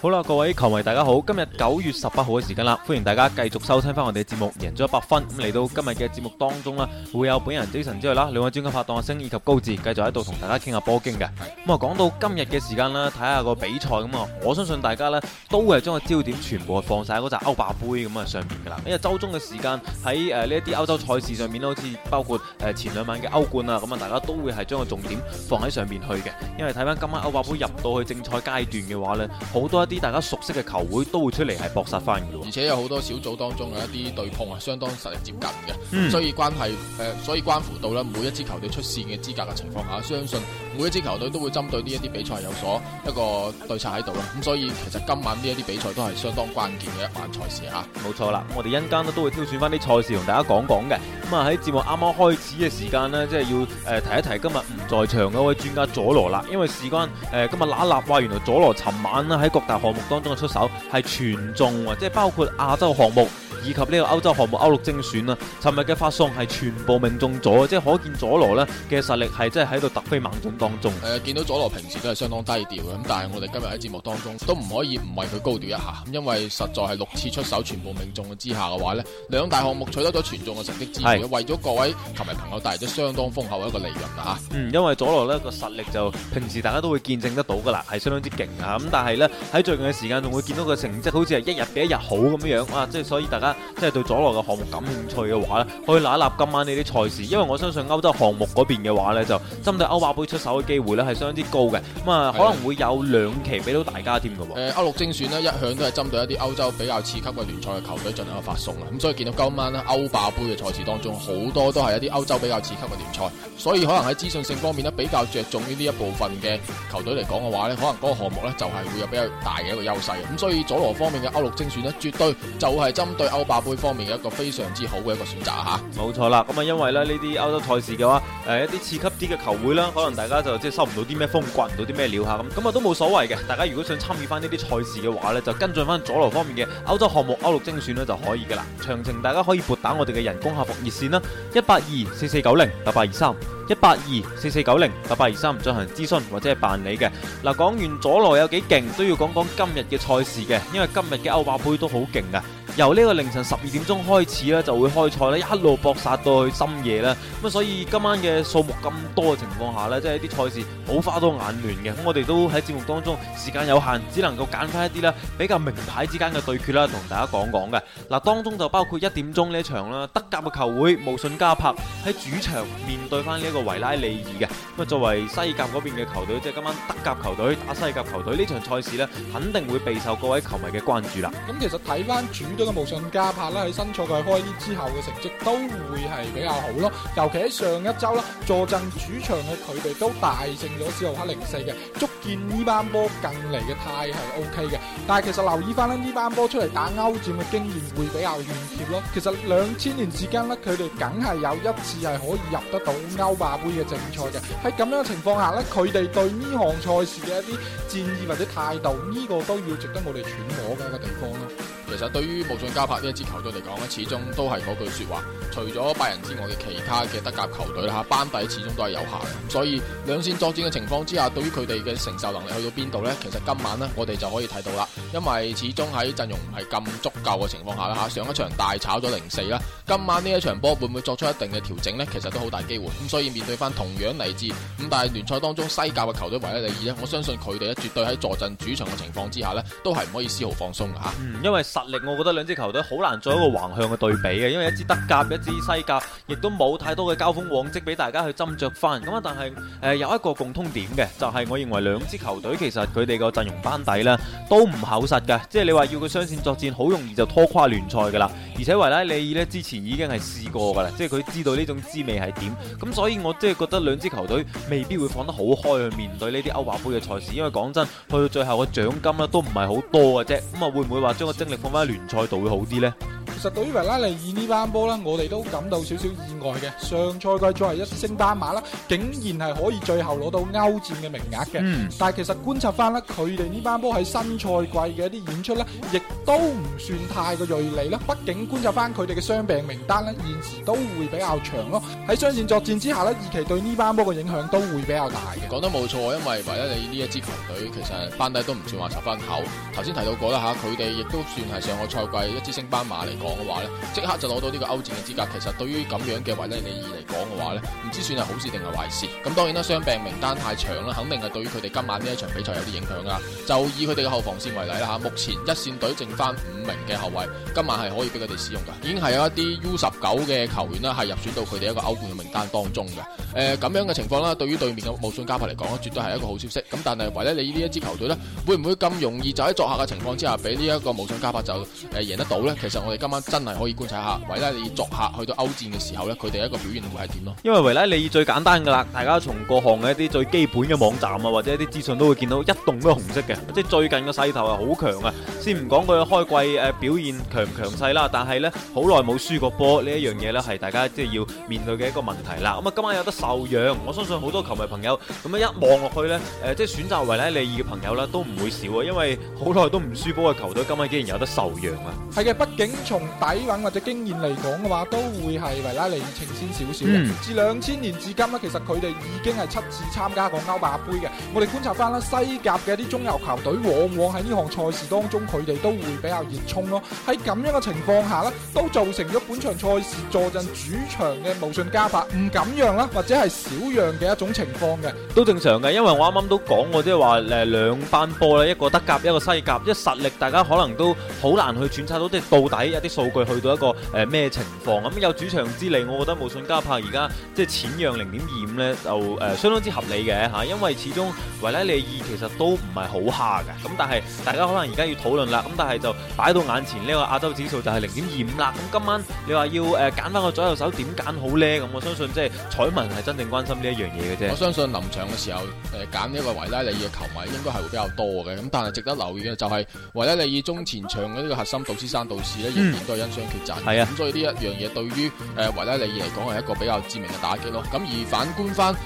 好啦，各位球迷大家好，今日九月十八號嘅時間啦，歡迎大家繼續收聽翻我哋嘅節目，贏咗一百分。咁嚟到今日嘅節目當中啦，會有本人 Jason 之外啦，兩位專家拍檔阿星以及高志繼續喺度同大家傾下波經嘅。咁啊、嗯，講到今日嘅時間啦，睇下個比賽咁啊，我相信大家咧都會係將個焦點全部係放晒喺嗰歐霸杯咁啊上面噶啦，因為周中嘅時間喺誒呢一啲歐洲賽事上面咧，好似包括誒前兩晚嘅歐冠啊，咁啊，大家都會係將個重點放喺上面去嘅。因為睇翻今晚歐霸杯入到去正賽階段嘅話咧，好多。啲大家熟悉嘅球會都會出嚟係搏殺翻嘅，而且有好多小組當中嘅一啲對碰啊，相當實力接近嘅，嗯、所以關係誒，所以關乎到咧每一支球隊出線嘅資格嘅情況下，相信。每一支球隊都會針對呢一啲比賽有所一個對策喺度啦，咁所以其實今晚呢一啲比賽都係相當關鍵嘅一晚賽事吓、啊。冇錯啦，我哋一陣間咧都會挑選翻啲賽事同大家講講嘅。咁啊喺節目啱啱開始嘅時間呢，即係要誒、呃、提一提今日唔在場嘅一位專家佐羅啦，因為事關誒、呃、今日納納話原來佐羅尋晚咧喺各大項目當中嘅出手係全中啊，即係包括亞洲項目以及呢個歐洲項目歐陸精選啊，尋日嘅發送係全部命中咗，即係可見佐羅呢嘅實力係真係喺度突飛猛進誒、呃，見到佐羅平時都係相當低調嘅，咁但係我哋今日喺節目當中都唔可以唔為佢高調一下，因為實在係六次出手全部命中之下嘅話呢，兩大項目取得咗全中嘅成績之餘，是為咗各位球迷朋友帶來咗相當豐厚嘅一個利潤吓。嗯，因為佐羅呢個實力就平時大家都會見證得到噶啦，係相當之勁嘅。咁但係呢，喺最近嘅時間仲會見到個成績好似係一日比一日好咁樣樣啊，即係所以大家即係對佐羅嘅項目感興趣嘅話咧，可以拿一拿今晚呢啲賽事，因為我相信歐洲項目嗰邊嘅話呢就針對歐霸盃出手。嗯機會咧，係相當之高嘅，咁啊可能會有兩期俾到大家添嘅。誒了，歐陸精選咧一向都係針對一啲歐洲比較次級嘅聯賽嘅球隊進行發送啦，咁所以見到今晚咧歐霸盃嘅賽事當中，好多都係一啲歐洲比較次級嘅聯賽，所以可能喺資訊性方面呢，比較着重於呢一部分嘅球隊嚟講嘅話呢，可能嗰個項目呢，就係會有比較大嘅一個優勢。咁所以佐羅方面嘅歐陸精選呢，絕對就係針對歐霸盃方面嘅一個非常之好嘅一個選擇。吓，冇錯啦，咁啊因為咧呢啲歐洲賽事嘅話，誒一啲次級啲嘅球會啦，可能大家就即係收唔到啲咩風，刮唔到啲咩料吓，咁咁啊都冇所謂嘅。大家如果想參與翻呢啲賽事嘅話呢，就跟進翻佐羅方面嘅歐洲項目、歐陸精選呢就可以嘅啦。詳情大家可以撥打我哋嘅人工客服熱線啦，一八二四四九零八八二三。一八二四四九零八八二三進行諮詢，或者係辦理嘅。嗱，講完佐羅有幾勁，都要講講今日嘅賽事嘅，因為今日嘅歐霸杯都好勁嘅。由呢個凌晨十二點鐘開始咧，就會開賽咧，一路搏殺到去深夜啦。咁啊，所以今晚嘅數目咁多嘅情況下咧，即係啲賽事好花多眼亂嘅。咁我哋都喺節目當中時間有限，只能夠揀翻一啲咧，比較名牌之間嘅對決啦，同大家講講嘅。嗱，當中就包括一點鐘呢一場啦，德甲嘅球會慕遜加柏喺主場面對翻呢一個。維拉利爾嘅，咁啊，作為西甲嗰邊嘅球隊，即係今晚德甲球隊打西甲球隊呢場賽事呢，肯定會備受各位球迷嘅關注啦。咁其實睇翻主隊嘅無上加帕啦，喺新賽季開啲之後嘅成績都會係比較好咯，尤其喺上一周啦，坐鎮主場嘅佢哋都大勝咗斯洛卡零四嘅，足見呢班波近嚟嘅態係 O K 嘅。但係其實留意翻咧，呢班波出嚟打歐戰嘅經驗會比較欠缺咯。其實兩千年之間呢，佢哋梗係有一次係可以入得到歐霸亞杯嘅正賽嘅，喺咁樣嘅情況下咧，佢哋對呢項賽事嘅一啲戰意或者態度，呢、呢個都要值得我哋揣摩嘅一個地方咯。其實對於慕遜加柏呢一支球隊嚟講咧，始終都係嗰句說話，除咗拜仁之外嘅其他嘅德甲球隊啦，班底始終都係有限嘅。所以兩線作戰嘅情況之下，對於佢哋嘅承受能力去到邊度呢？其實今晚呢，我哋就可以睇到啦。因為始終喺陣容唔係咁足夠嘅情況下啦，吓上一場大炒咗零四啦。今晚呢一場波會唔會作出一定嘅調整呢？其實都好大機會。咁所以面對翻同樣嚟自五大聯賽當中西甲嘅球隊維拉利爾呢，我相信佢哋咧絕對喺坐鎮主場嘅情況之下呢，都係唔可以絲毫放鬆嘅吓。嗯，因為。實力我覺得兩支球隊好難做一個橫向嘅對比嘅，因為一支德甲，一支西甲，亦都冇太多嘅交鋒往績俾大家去斟酌翻。咁啊，但係誒、呃、有一個共通點嘅，就係、是、我認為兩支球隊其實佢哋個陣容班底咧都唔厚實嘅，即係你話要佢雙線作戰，好容易就拖垮聯賽噶啦。而且維拉利爾咧之前已經係試過噶啦，即係佢知道呢種滋味係點。咁所以，我即係覺得兩支球隊未必會放得好開去面對呢啲歐霸盃嘅賽事，因為講真，去到最後嘅獎金啦都唔係好多嘅啫。咁啊，會唔會話將個精力翻聯賽度會好啲咧。其實對於維拉利爾呢班波呢，我哋都感到少少意外嘅。上賽季作為一支升班馬，啦，竟然係可以最後攞到歐戰嘅名額嘅。嗯。但係其實觀察翻，呢佢哋呢班波喺新賽季嘅一啲演出呢亦都唔算太過銳利啦。畢竟觀察翻佢哋嘅傷病名單呢現時都會比較長咯。喺雙線作戰之下呢，二期對呢班波嘅影響都會比較大嘅。講得冇錯，因為維拉利爾呢一支球隊其實班底都唔算話十分厚。頭先提到過啦吓，佢哋亦都算係上個賽季一支升班馬嚟講。講嘅話咧，即刻就攞到呢個歐戰嘅資格。其實對於咁樣嘅維勒里爾嚟講嘅話呢，唔知算係好事定係壞事。咁當然啦，傷病名單太長啦，肯定係對於佢哋今晚呢一場比賽有啲影響噶。就以佢哋嘅後防線為例啦，吓，目前一線隊剩翻五名嘅後衛，今晚係可以俾佢哋使用噶。已經係有一啲 U 十九嘅球員啦，係入選到佢哋一個歐冠嘅名單當中嘅。誒、呃，咁樣嘅情況啦，對於對面嘅慕遜加柏嚟講咧，絕對係一個好消息。咁但係維勒里呢一支球隊呢，會唔會咁容易就喺作客嘅情況之下，俾呢一個慕遜加柏就誒贏、呃、得到呢？其實我哋今晚。真係可以觀察一下維拉利作客去到歐戰嘅時候呢，佢哋一個表現會係點咯？因為維拉利最簡單噶啦，大家從各項嘅一啲最基本嘅網站啊，或者一啲資訊都會見到一動都係紅色嘅，即係最近個勢頭係好強啊！先唔講佢開季誒表現強唔強勢啦，但係呢好耐冇輸過波呢一樣嘢咧，係大家即係要面對嘅一個問題啦。咁啊，今晚有得受讓，我相信好多球迷朋友咁啊一望落去呢，誒即係選擇維拉利嘅朋友啦，都唔會少啊，因為好耐都唔輸波嘅球隊，今晚竟然有得受讓啊！係嘅，畢竟從底蘊或者經驗嚟講嘅話，都會係維拉利情先少少嘅。自兩千年至今咧，其實佢哋已經係七次參加過歐霸杯嘅。我哋觀察翻啦，西甲嘅啲中游球隊，往往喺呢項賽事當中，佢哋都會比較熱衷咯。喺咁樣嘅情況下咧，都造成咗本場賽事坐鎮主場嘅無信加法唔敢讓啦，或者係少讓嘅一種情況嘅。都正常嘅，因為我啱啱都講過，即係話誒兩班波啦，一個德甲，一個西甲，即係實力，大家可能都好難去揣測到，即係到底一啲。數據去到一個誒咩、呃、情況咁、嗯？有主場之利，我覺得冇信加柏而家即係淺讓零點二五咧，就誒、呃、相當之合理嘅嚇、啊，因為始終維拉利爾其實都唔係好蝦嘅。咁、嗯、但係大家可能而家要討論啦，咁但係就擺到眼前呢、呢個亞洲指數就係零點二五啦。咁、嗯、今晚你話要誒揀翻個左右手點揀好咧？咁、嗯、我相信即係彩民係真正關心呢一樣嘢嘅啫。我相信臨場嘅時候誒揀呢個維拉利爾嘅球迷應該係會比較多嘅。咁但係值得留意嘅就係維拉利爾中前場嘅呢個核心導師生導師咧再因傷缺陣，係啊，咁所以呢一樣嘢對於誒維拉利爾嚟講係一個比較致命嘅打擊咯。咁而反觀翻誒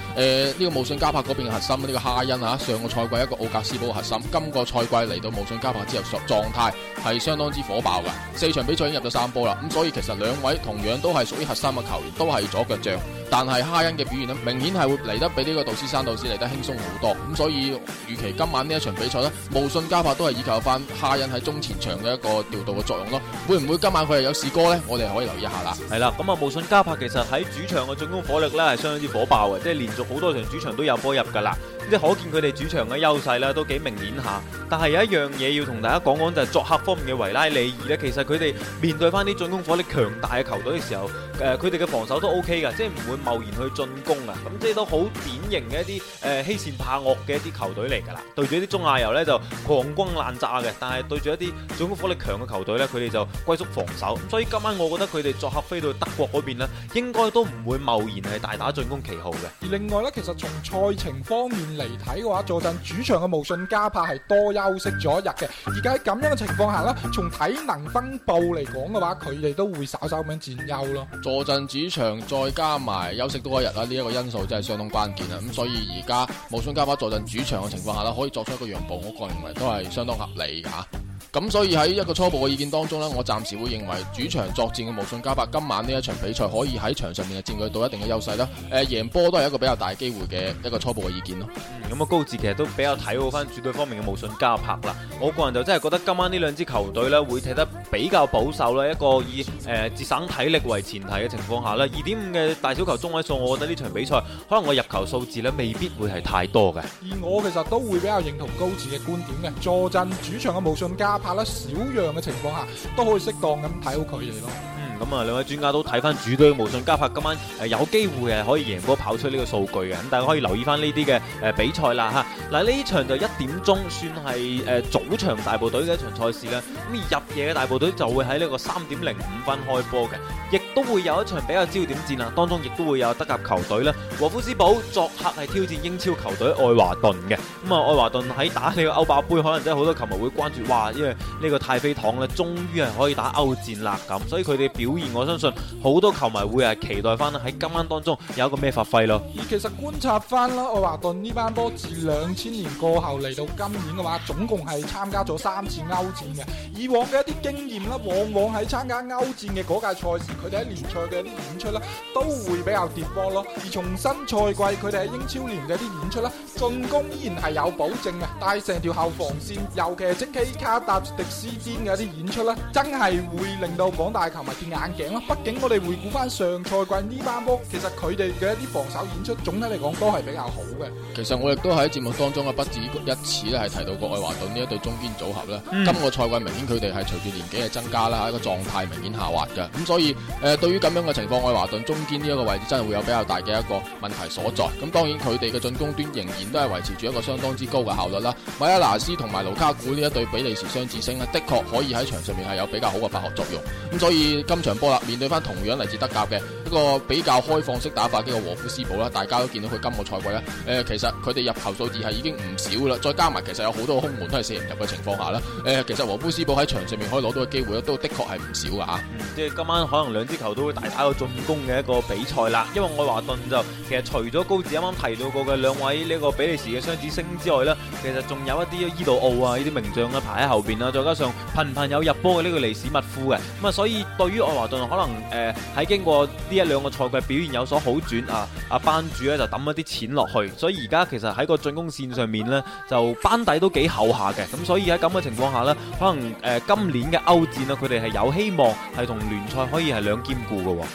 呢個武信加帕嗰邊嘅核心呢個哈恩啊，上個賽季一個奧格斯堡核心，今個賽季嚟到武信加帕之後狀態係相當之火爆嘅，四場比賽已經入咗三波啦。咁所以其實兩位同樣都係屬於核心嘅球員，都係左腳將。但係哈恩嘅表現呢，明顯係會嚟得比呢個導師山導師嚟得輕鬆好多，咁所以預期今晚呢一場比賽呢，無信加柏都係依靠翻哈恩喺中前場嘅一個調度嘅作用咯，會唔會今晚佢係有士哥呢？我哋可以留意一下啦。係啦，咁啊無信加柏其實喺主場嘅進攻火力呢，係相當之火爆嘅，即係連續好多場主場都有波入㗎啦。即係可見佢哋主場嘅優勢咧，都幾明顯下。但係有一樣嘢要同大家講講，就係、是、作客方面嘅維拉利爾呢，其實佢哋面對翻啲進攻火力強大嘅球隊嘅時候，誒佢哋嘅防守都 O K 嘅，即係唔會貿然去進攻啊。咁即係都好典型嘅一啲誒、呃、欺善怕惡嘅一啲球隊嚟㗎啦。對住一啲中亞遊呢，就狂轟濫炸嘅，但係對住一啲進攻火力強嘅球隊呢，佢哋就龜縮防守。所以今晚我覺得佢哋作客飛到德國嗰邊咧，應該都唔會貿然係大打進攻旗號嘅。而另外呢，其實從賽程方面，嚟睇嘅話，坐陣主場嘅無信加帕係多休息咗一日嘅。而家喺咁樣嘅情況下呢，從體能分布嚟講嘅話，佢哋都會稍稍咁樣佔優咯。坐陣主場再加埋休息多一日啦，呢一個因素真係相當關鍵啊！咁所以而家無信加帕坐陣主場嘅情況下呢，可以作出一個讓步，我個人認為都係相當合理嚇。咁所以喺一個初步嘅意見當中咧，我暫時會認為主場作戰嘅無信加拍今晚呢一場比賽可以喺場上面嘅佔據到一定嘅優勢啦。誒、呃、贏波都係一個比較大機會嘅一個初步嘅意見咯。嗯，咁啊高智其實都比較睇好翻主隊方面嘅無信加拍啦。我個人就真係覺得今晚呢兩支球隊咧會踢得比較保守啦，一個以誒節、呃、省體力為前提嘅情況下啦，二點五嘅大小球中位數，我覺得呢場比賽可能我入球數字咧未必會係太多嘅。而我其實都會比較認同高智嘅觀點嘅，坐鎮主場嘅無信加拍得少樣嘅情況下，都可以適當咁睇好佢哋咯。嗯，咁啊兩位專家都睇翻主隊慕遜加柏。今晚誒有機會係可以贏波跑出呢個數據嘅，咁大家可以留意翻呢啲嘅誒比賽啦吓。嗱、啊、呢場就一點鐘算係誒、啊、早場大部隊嘅一場賽事啦。咁而入夜嘅大部隊就會喺呢個三點零五分開波嘅。都會有一場比較焦點戰啦，當中亦都會有德甲球隊咧，和夫斯堡作客係挑戰英超球隊愛華頓嘅。咁、嗯、啊，愛華頓喺打呢個歐霸盃，可能真係好多球迷會關注，哇，因為這個呢個太妃糖咧，終於係可以打歐戰啦咁，所以佢哋表現，我相信好多球迷會係期待翻喺今晚當中有一個咩發揮咯。而其實觀察翻啦，愛華頓呢班波自兩千年過後嚟到今年嘅話，總共係參加咗三次歐戰嘅。以往嘅一啲經驗啦，往往喺參加歐戰嘅嗰屆賽事，佢哋聯賽嘅一啲演出啦，都會比較跌波咯。而重新賽季佢哋喺英超聯嘅一啲演出啦，進攻依然係有保證嘅，但係成條後防線，尤其係即基卡搭迪斯堅嘅一啲演出啦，真係會令到廣大球迷跌眼鏡咯。畢竟我哋回顧翻上賽季呢班波，其實佢哋嘅一啲防守演出，總體嚟講都係比較好嘅。其實我亦都喺節目當中啊，不止一次咧係提到過愛華頓呢一對中堅組合啦。嗯、今個賽季明顯佢哋係隨住年紀嘅增加啦，一個狀態明顯下滑嘅。咁所以誒。呃對於咁樣嘅情況，愛華頓中堅呢一個位置真係會有比較大嘅一個問題所在。咁當然佢哋嘅進攻端仍然都係維持住一個相當之高嘅效率啦。米拉拿斯同埋盧卡古呢一對比利時雙子星呢，的確可以喺場上面係有比較好嘅化學作用。咁所以今場波啦，面對翻同樣嚟自德甲嘅個比較開放式打法嘅和夫斯堡啦，大家都見到佢今個賽季啦。誒，其實佢哋入球數字係已經唔少啦，再加埋其實有好多空門都係射唔入嘅情況下啦。誒，其實和夫斯堡喺場上面可以攞到嘅機會都的確係唔少噶吓。即係、嗯、今晚可能兩支球都會大打到進攻嘅一個比賽啦。因為愛華頓就其實除咗高志啱啱提到過嘅兩位呢個比利時嘅雙子星之外呢，其實仲有一啲伊道奧啊呢啲名將啦排喺後邊啦。再加上頻頻有入波嘅呢個尼史密夫嘅，咁啊，所以對於愛華頓可能誒、喺、呃、經過兩個賽季表現有所好轉啊！阿班主咧就抌一啲錢落去，所以而家其實喺個進攻線上面呢，就班底都幾厚下嘅。咁所以喺咁嘅情況下呢，可能誒、呃、今年嘅歐戰呢，佢哋係有希望係同聯賽可以係兩兼顧嘅、哦。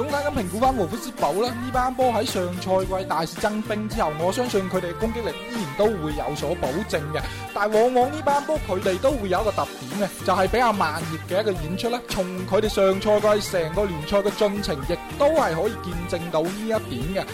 總體咁評估翻沃夫斯堡啦。呢班波喺上賽季大肆增兵之後，我相信佢哋嘅攻擊力依然都會有所保證嘅。但往往呢班波佢哋都會有一個特點嘅，就係比較慢熱嘅一個演出咧。從佢哋上賽季成個聯賽嘅進程，亦都係可以見證到呢一點嘅。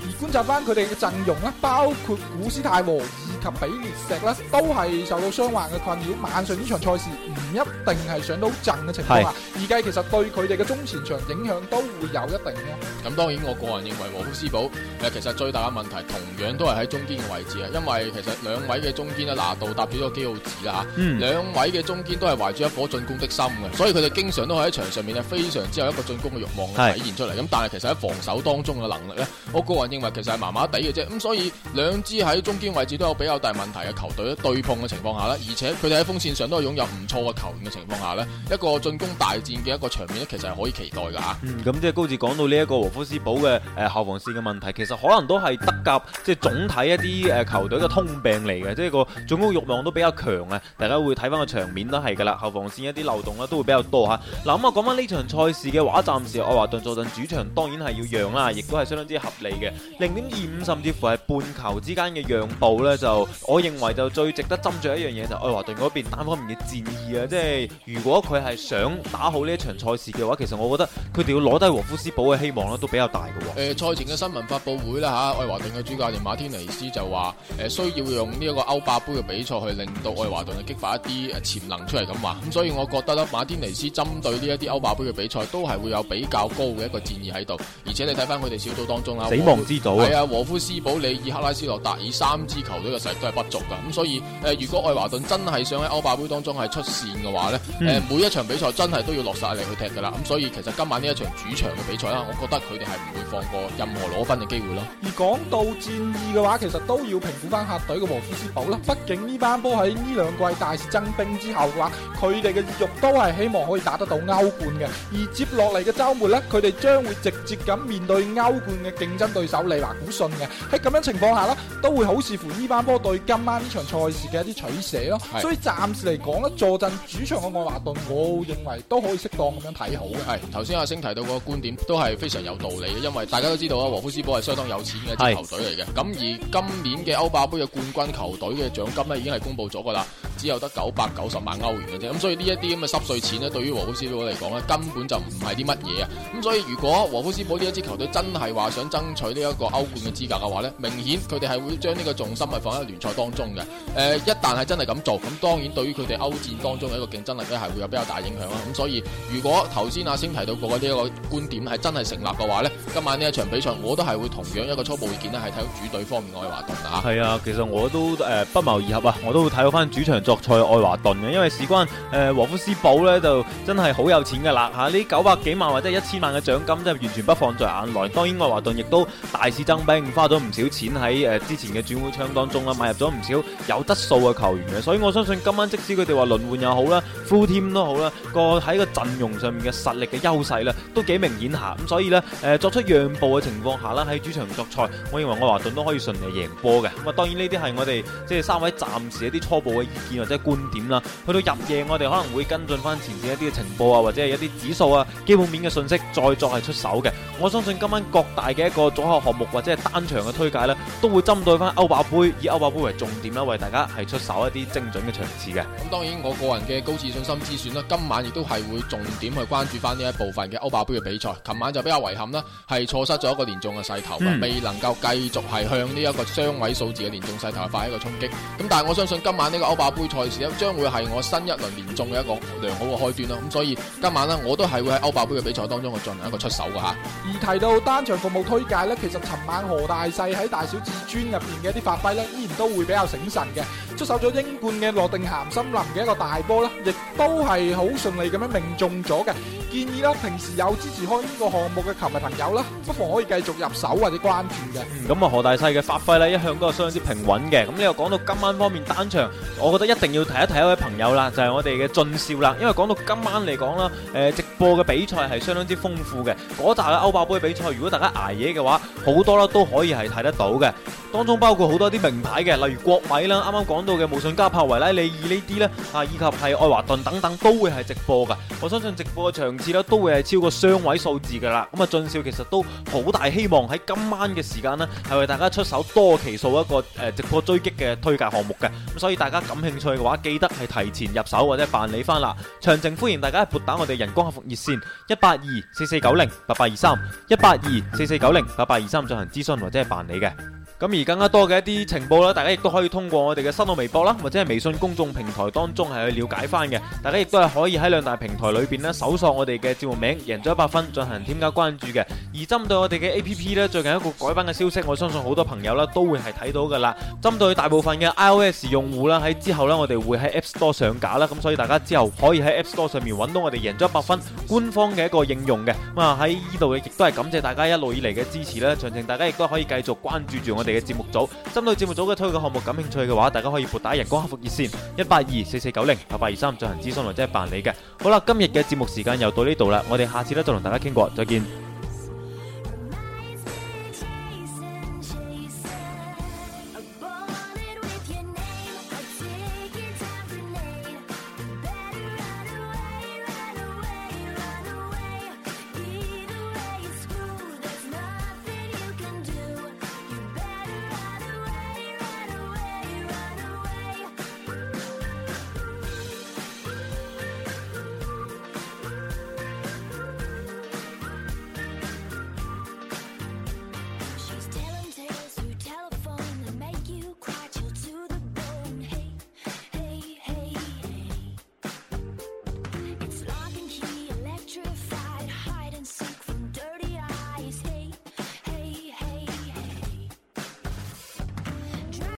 而觀察翻佢哋嘅陣容咧，包括古斯泰和及比列石咧，都係受到傷患嘅困擾，晚上呢場賽事唔一定係上到陣嘅情況下，預計是其實對佢哋嘅中前場影響都會有一定嘅。咁當然，我個人認為沃夫斯堡誒其實最大嘅問題同樣都係喺中堅嘅位置啊。因為其實兩位嘅中堅咧，嗱到達住咗幾號字啦嚇，兩、嗯、位嘅中堅都係懷住一顆進攻的心嘅，所以佢哋經常都喺場上面咧，非常之有一個進攻嘅欲望，體現出嚟。咁但係其實喺防守當中嘅能力咧，我個人認為其實係麻麻地嘅啫。咁所以兩支喺中堅位置都有俾比較大問題嘅球隊咧，對碰嘅情況下咧，而且佢哋喺鋒線上都係擁有唔錯嘅球員嘅情況下，呢一個進攻大戰嘅一個場面呢，其實係可以期待噶、啊。嗯，咁即係高志講到呢一個和夫斯堡嘅誒、呃、後防線嘅問題，其實可能都係德甲即係總體一啲誒、呃、球隊嘅通病嚟嘅，即、就、係、是、個進攻欲望都比較強啊。大家會睇翻個場面都係噶啦，後防線一啲漏洞咧都會比較多吓。嗱、啊，咁啊講翻呢場賽事嘅話，暫時愛華頓坐陣主場，當然係要讓啦，亦都係相當之合理嘅，零點二五甚至乎係半球之間嘅讓步呢。就。我認為就最值得斟酌一樣嘢，就是愛華頓嗰邊單方面嘅戰意啊，即係如果佢係想打好呢一場賽事嘅話，其實我覺得佢哋要攞低和夫斯堡嘅希望咧都比較大嘅、哦。誒、呃，賽前嘅新聞發布會咧吓、啊，愛華頓嘅主教練馬天尼斯就話，誒、呃、需要用呢一個歐霸杯嘅比賽去令到愛華頓激發一啲潛能出嚟咁話，咁所以我覺得咧馬天尼斯針對呢一啲歐霸杯嘅比賽都係會有比較高嘅一個戰意喺度，而且你睇翻佢哋小組當中啦，死亡之組啊，係啊，和夫斯堡、里爾、克拉斯洛達以三支球隊嘅。都係不足噶，咁、嗯、所以，誒、呃，如果愛華頓真係想喺歐霸杯當中係出線嘅話咧，誒、呃，每一場比賽真係都要落晒力去踢噶啦，咁、嗯、所以其實今晚呢一場主場嘅比賽啦，我覺得佢哋係唔會放過任何攞分嘅機會咯。而講到戰意嘅話，其實都要評估翻客隊嘅禾夫斯堡啦，畢竟呢班波喺呢兩季大肆增兵之後嘅話，佢哋嘅肉都係希望可以打得到歐冠嘅，而接落嚟嘅周末呢，佢哋將會直接咁面對歐冠嘅競爭對手利華古遜嘅，喺咁樣的情況下咧，都會好視乎呢班波。對今晚呢場賽事嘅一啲取捨咯，所以暫時嚟講咧，坐鎮主場嘅愛華頓，我認為都可以適當咁樣睇好嘅。係頭先阿星提到個觀點，都係非常有道理嘅，因為大家都知道啊，和夫斯堡係相當有錢嘅一支球隊嚟嘅。咁對而今年嘅歐霸盃嘅冠軍球隊嘅獎金呢，已經係公布咗噶啦，只有得九百九十萬歐元嘅啫。咁所以呢一啲咁嘅濕碎錢呢，對於和夫斯堡嚟講呢，根本就唔係啲乜嘢啊。咁所以如果和夫斯堡呢一支球隊真係話想爭取呢一個歐冠嘅資格嘅話呢，明顯佢哋係會將呢個重心係放喺聯賽當中嘅，誒，一旦係真係咁做，咁當然對於佢哋歐戰當中嘅一個競爭力咧，係會有比較大影響咯。咁、嗯、所以，如果頭先阿星提到過嗰啲一個觀點係真係成立嘅話呢，今晚呢一場比賽，我都係會同樣一個初步意見呢係睇到主隊方面愛華頓啊。係啊，其實我都誒、呃、不謀而合啊，我都會睇到翻主場作賽愛華頓嘅，因為事關誒沃、呃、夫斯堡呢就真係好有錢噶啦吓，呢九百幾萬或者一千萬嘅獎金真係完全不放在眼內。當然愛華頓亦都大肆增兵，花咗唔少錢喺誒、呃、之前嘅轉會窗當中啦。買入咗唔少有質素嘅球員嘅，所以我相信今晚即使佢哋話輪換又好啦，full team 都好啦，個喺個陣容上面嘅實力嘅優勢咧，都幾明顯下咁，所以咧，誒作出讓步嘅情況下啦，喺主場作賽，我認為愛華頓都可以順利贏波嘅。咁啊，當然呢啲係我哋即係三位暫時一啲初步嘅意見或者觀點啦。去到入夜，我哋可能會跟進翻前線一啲嘅情報啊，或者係一啲指數啊、基本面嘅信息，再作係出手嘅。我相信今晚各大嘅一個組合項目或者係單場嘅推介咧，都會針對翻歐霸杯以歐霸。巴杯為重點啦，為大家係出手一啲精準嘅場次嘅。咁當然，我個人嘅高自信心之選啦，今晚亦都係會重點去關注翻呢一部分嘅歐霸杯嘅比賽。琴晚就比較遺憾啦，係錯失咗一個連中嘅勢頭，嗯、未能夠繼續係向呢一個雙位數字嘅連中勢頭發一個衝擊。咁但係我相信今晚呢個歐霸杯賽事咧，將會係我新一輪連中嘅一個良好嘅開端啦。咁所以今晚呢，我都係會喺歐霸杯嘅比賽當中去進行一個出手噶吓。而提到單場服務推介呢，其實琴晚何大勢喺大小至尊入邊嘅一啲發揮呢，依然。都會比較醒神嘅，出手咗英冠嘅諾定咸森林嘅一個大波啦，亦都係好順利咁樣命中咗嘅。建議啦，平時有支持開呢個項目嘅球迷朋友啦，不妨可以繼續入手或者關注嘅。咁啊，何大細嘅發揮呢，一向都係相當之平穩嘅。咁你又講到今晚方面單場，我覺得一定要提一提一位朋友啦，就係我哋嘅俊少啦。因為講到今晚嚟講啦，誒，直。播嘅比賽係相當之豐富嘅，嗰扎嘅歐霸杯比賽，如果大家捱夜嘅話，好多啦都可以係睇得到嘅。當中包括好多啲名牌嘅，例如國米啦，啱啱講到嘅慕遜加柏、維拉利爾呢啲呢，啊以及係愛華頓等等都會係直播嘅。我相信直播嘅場次啦都會係超過雙位數字嘅啦。咁啊，俊少其實都好大希望喺今晚嘅時間呢，係為大家出手多期數一個誒直播追擊嘅推介項目嘅。咁所以大家感興趣嘅話，記得係提前入手或者辦理翻啦。詳情歡迎大家撥打我哋人工客服。熱線一八二四四九零八八二三一八二四四九零八八二三，進行諮詢，或者係辦理嘅。咁而更加多嘅一啲情報啦，大家亦都可以通過我哋嘅新浪微博啦，或者係微信公眾平台當中係去了解翻嘅。大家亦都係可以喺兩大平台裏邊啦，搜索我哋嘅節目名《贏足 100FUN》進行添加關注嘅。而針對我哋嘅 App 咧，最近一個改版嘅消息，我相信好多朋友啦都會係睇到㗎喇。針對大部分嘅 iOS 用戶啦，喺之後咧，我哋會喺 App Store 上架啦，咁所以大家之後可以喺 App Store 上面揾到我哋《贏足 100FUN》官方嘅一個應用嘅。咁啊喺呢度亦都係感謝大家一路以嚟嘅支持啦，詳情大家亦都可以繼續關注住我哋。你嘅節目組針對節目組嘅推介嘅項目感興趣嘅話，大家可以撥打人工客服熱線一八二四四九零八八二三進行諮詢或者係辦理嘅。好啦，今日嘅節目時間又到呢度啦，我哋下次咧再同大家傾過，再見。